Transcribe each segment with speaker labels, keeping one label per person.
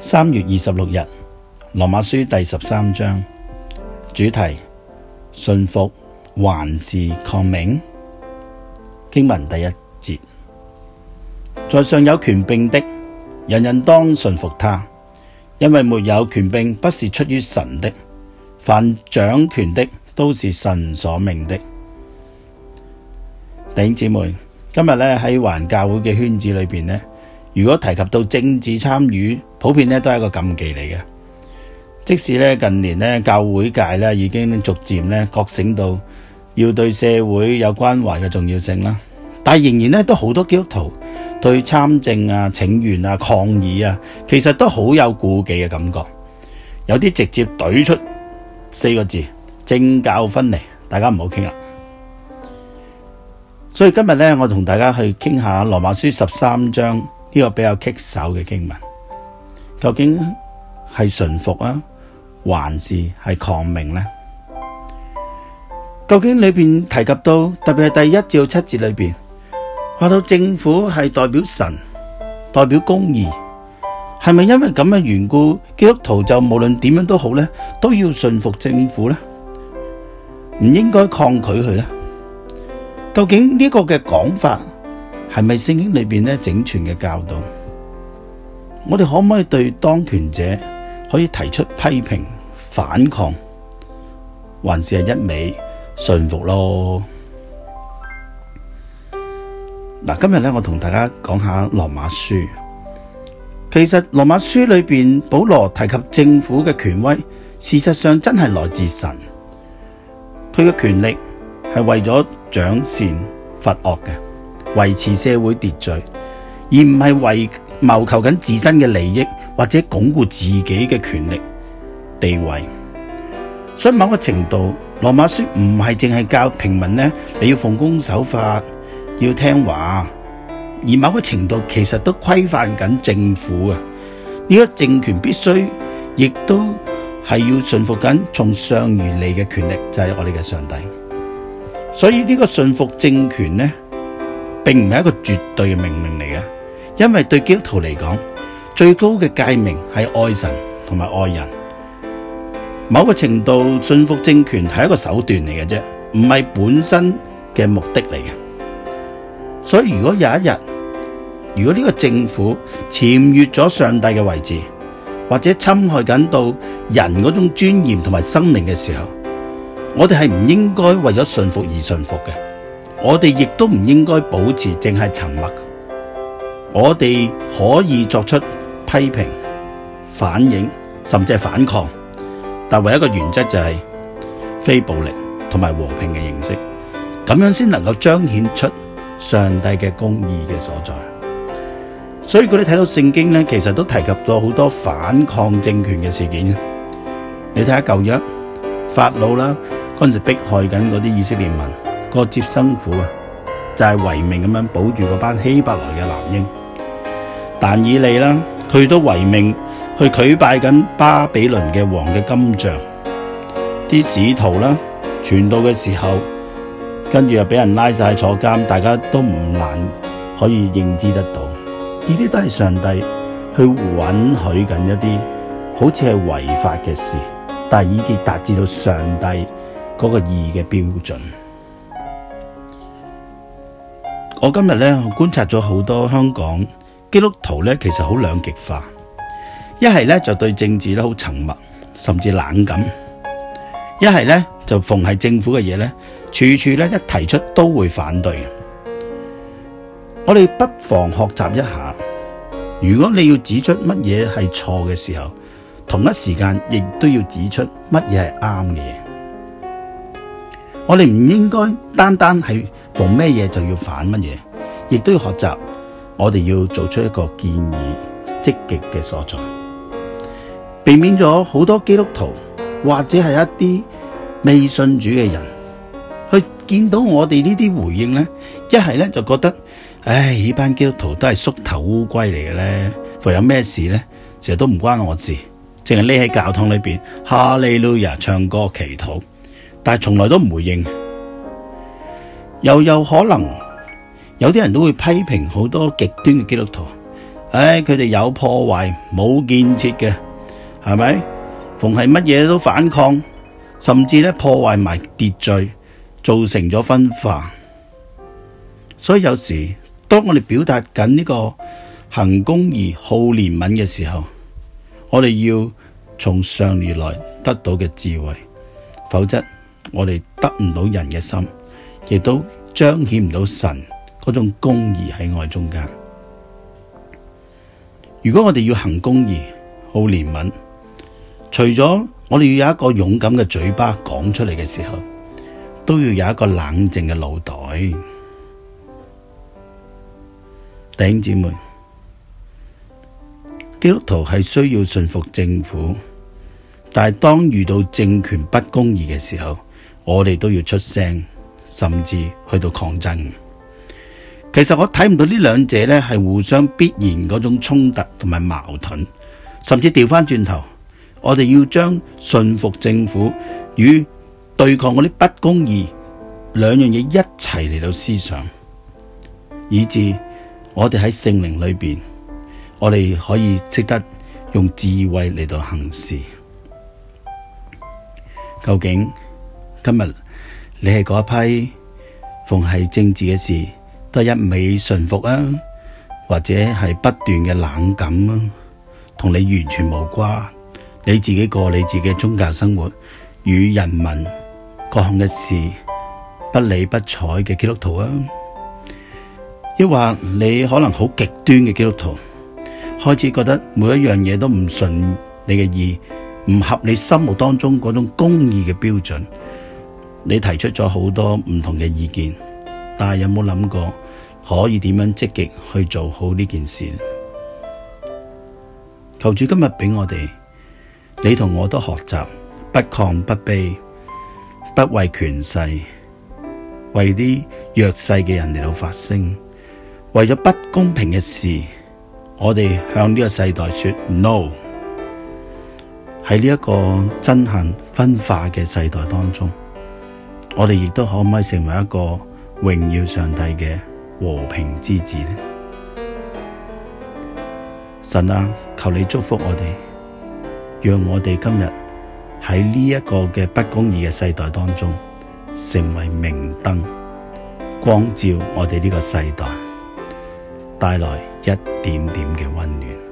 Speaker 1: 三月二十六日，《羅馬書》第十三章主題：順服還是抗命？經文第一節：在上有權柄的，人人當順服他，因為沒有權柄不是出於神的。凡掌權的都是神所命的。弟兄姐妹，今日咧喺環教會嘅圈子裏邊咧，如果提及到政治參與，普遍咧都係一個禁忌嚟嘅，即使咧近年咧教會界咧已經逐漸咧覺醒到要對社會有關懷嘅重要性啦，但係仍然咧都好多基督徒對參政啊、請願啊、抗議啊，其實都好有顧忌嘅感覺。有啲直接懟出四個字：政教分離，大家唔好傾啦。所以今日咧，我同大家去傾下羅馬書十三章呢個比較棘手嘅經文。究竟係順服啊，還是係抗命咧？究竟裏邊提及到，特別係第一至七節裏邊，話到政府係代表神，代表公義，係咪因為咁嘅緣故，基督徒就無論點樣都好咧，都要順服政府咧，唔應該抗拒佢咧？究竟呢個嘅講法係咪聖經裏邊咧整全嘅教導？我哋可唔可以對當權者可以提出批評、反抗，還是一味順服咯？嗱，今日咧，我同大家講下羅馬書。其實羅馬書裏邊保羅提及政府嘅權威，事實上真係來自神。佢嘅權力係為咗賞善罰惡嘅，維持社會秩序，而唔係為，謀求緊自身嘅利益或者鞏固自己嘅權力地位，所以某個程度，羅馬書唔係淨係教平民呢，你要奉公守法，要聽話，而某個程度其實都規範緊政府啊。呢、這個政權必須，亦都係要順服緊從上而嚟嘅權力，就係、是、我哋嘅上帝。所以呢個信服政權呢，並唔係一個絕對嘅命令嚟嘅。因為對基督徒嚟講，最高嘅誡命係愛神同埋愛人。某個程度，順服政權係一個手段嚟嘅啫，唔係本身嘅目的嚟嘅。所以如果有一日，如果呢個政府僭越咗上帝嘅位置，或者侵害緊到人嗰種尊嚴同埋生命嘅時候，我哋係唔應該為咗順服而順服嘅。我哋亦都唔應該保持淨係沉默。我哋可以作出批評、反映，甚至係反抗，但唯一一個原則就係非暴力同埋和平嘅形式，咁樣先能夠彰顯出上帝嘅公義嘅所在。所以佢哋睇到聖經咧，其實都提及到好多反抗政權嘅事件。你睇下舊約法老啦，嗰陣時迫害緊嗰啲以色列民，個接生婦啊，就係違命咁樣保住個班希伯來嘅男嬰。難以理啦，佢都違命去舉拜緊巴比倫嘅王嘅金像，啲使徒啦，傳道嘅時候，跟住又俾人拉晒坐監，大家都唔難可以認知得到，呢啲都係上帝去允許緊一啲好似係違法嘅事，但係已經達至到上帝嗰個義嘅標準。我今日咧觀察咗好多香港。基督徒咧其實好兩極化，一係咧就對政治咧好沉默甚至冷感，一係咧就逢係政府嘅嘢咧，處處咧一提出都會反對。我哋不妨學習一下，如果你要指出乜嘢係錯嘅時候，同一時間亦都要指出乜嘢係啱嘅嘢。我哋唔應該單單係逢咩嘢就要反乜嘢，亦都要學習。我哋要做出一個建議，積極嘅所在，避免咗好多基督徒或者係一啲未信主嘅人，去見到我哋呢啲回應咧，一係咧就覺得，唉，呢班基督徒都係縮頭烏龜嚟嘅咧，逢有咩事咧，其實都唔關我事，淨係匿喺教堂裏邊，哈利路亞唱歌祈禱，但係從來都唔回應，又有可能。有啲人都會批評好多極端嘅基督徒，唉、哎，佢哋有破壞冇建設嘅，係咪？逢係乜嘢都反抗，甚至咧破壞埋秩序，造成咗分化。所以有時當我哋表達緊呢個行公義好憐憫嘅時候，我哋要從上而來得到嘅智慧，否則我哋得唔到人嘅心，亦都彰顯唔到神。嗰種公義喺愛中間。如果我哋要行公義、好憐憫，除咗我哋要有一個勇敢嘅嘴巴講出嚟嘅時候，都要有一個冷靜嘅腦袋。弟兄姊妹，基督徒係需要順服政府，但係當遇到政權不公義嘅時候，我哋都要出聲，甚至去到抗爭。其實我睇唔到呢兩者咧係互相必然嗰種衝突同埋矛盾，甚至調返轉頭，我哋要將順服政府與對抗嗰啲不公義兩樣嘢一齊嚟到思想，以致我哋喺聖靈裏邊，我哋可以識得用智慧嚟到行事。究竟今日你係嗰一批，凡係政治嘅事。得一味順服啊，或者係不斷嘅冷感啊，同你完全無關。你自己過你自己宗教生活，與人民各項嘅事不理不睬嘅基督徒啊，抑或你可能好極端嘅基督徒，開始覺得每一樣嘢都唔順你嘅意，唔合你心目當中嗰種公義嘅標準，你提出咗好多唔同嘅意見，但係有冇諗過？可以點樣積極去做好呢件事？求主今日俾我哋，你同我都學習不抗不卑、不畏權勢，為啲弱勢嘅人嚟到發聲，為咗不公平嘅事，我哋向呢個世代說 no。喺呢一個憎恨分化嘅世代當中，我哋亦都可唔可以成為一個榮耀上帝嘅？和平之子呢，神啊，求你祝福我哋，讓我哋今日喺呢一個嘅不公義嘅世代當中，成為明燈，光照我哋呢個世代，帶來一點點嘅溫暖。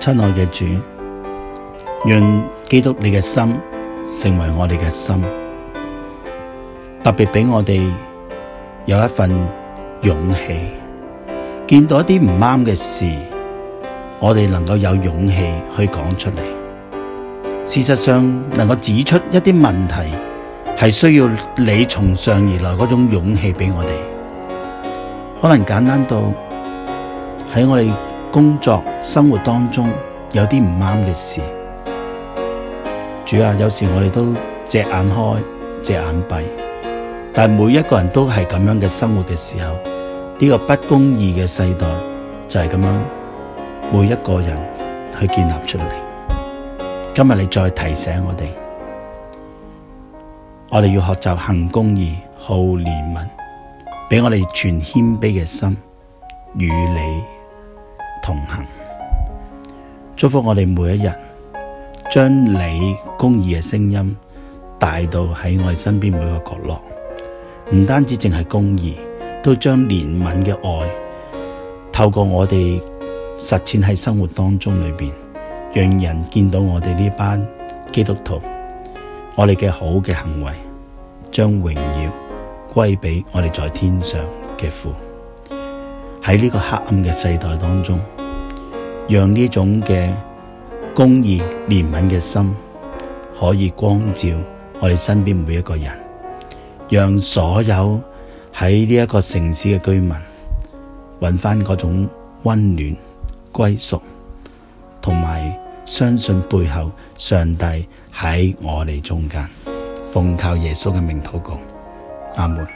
Speaker 1: 親愛嘅主，讓基督你嘅心成為我哋嘅心，特別俾我哋有一份勇氣，見到一啲唔啱嘅事，我哋能夠有勇氣去講出嚟。事實上，能夠指出一啲問題，係需要你從上而來嗰種勇氣俾我哋。可能簡單到喺我哋。工作生活當中有啲唔啱嘅事，主啊，有時我哋都隻眼開隻眼閉，但每一個人都係咁樣嘅生活嘅時候，呢個不公義嘅世代就係咁樣，每一個人去建立出嚟。今日你再提醒我哋，我哋要學習行公義、好憐憫，俾我哋全謙卑嘅心與你同行，祝福我哋每一人，將你公義嘅聲音帶到喺我哋身邊每個角落，唔單止淨係公義，都將憐憫嘅愛透過我哋實踐喺生活當中裏邊，讓人見到我哋呢班基督徒，我哋嘅好嘅行為，將榮耀歸畀我哋在天上嘅父。喺呢個黑暗嘅世代當中，讓呢種嘅公義、憐憫嘅心可以光照我哋身邊每一個人，讓所有喺呢一個城市嘅居民揾翻嗰種溫暖、歸屬，同埋相信背後上帝喺我哋中間。奉靠耶穌嘅名禱告，阿門。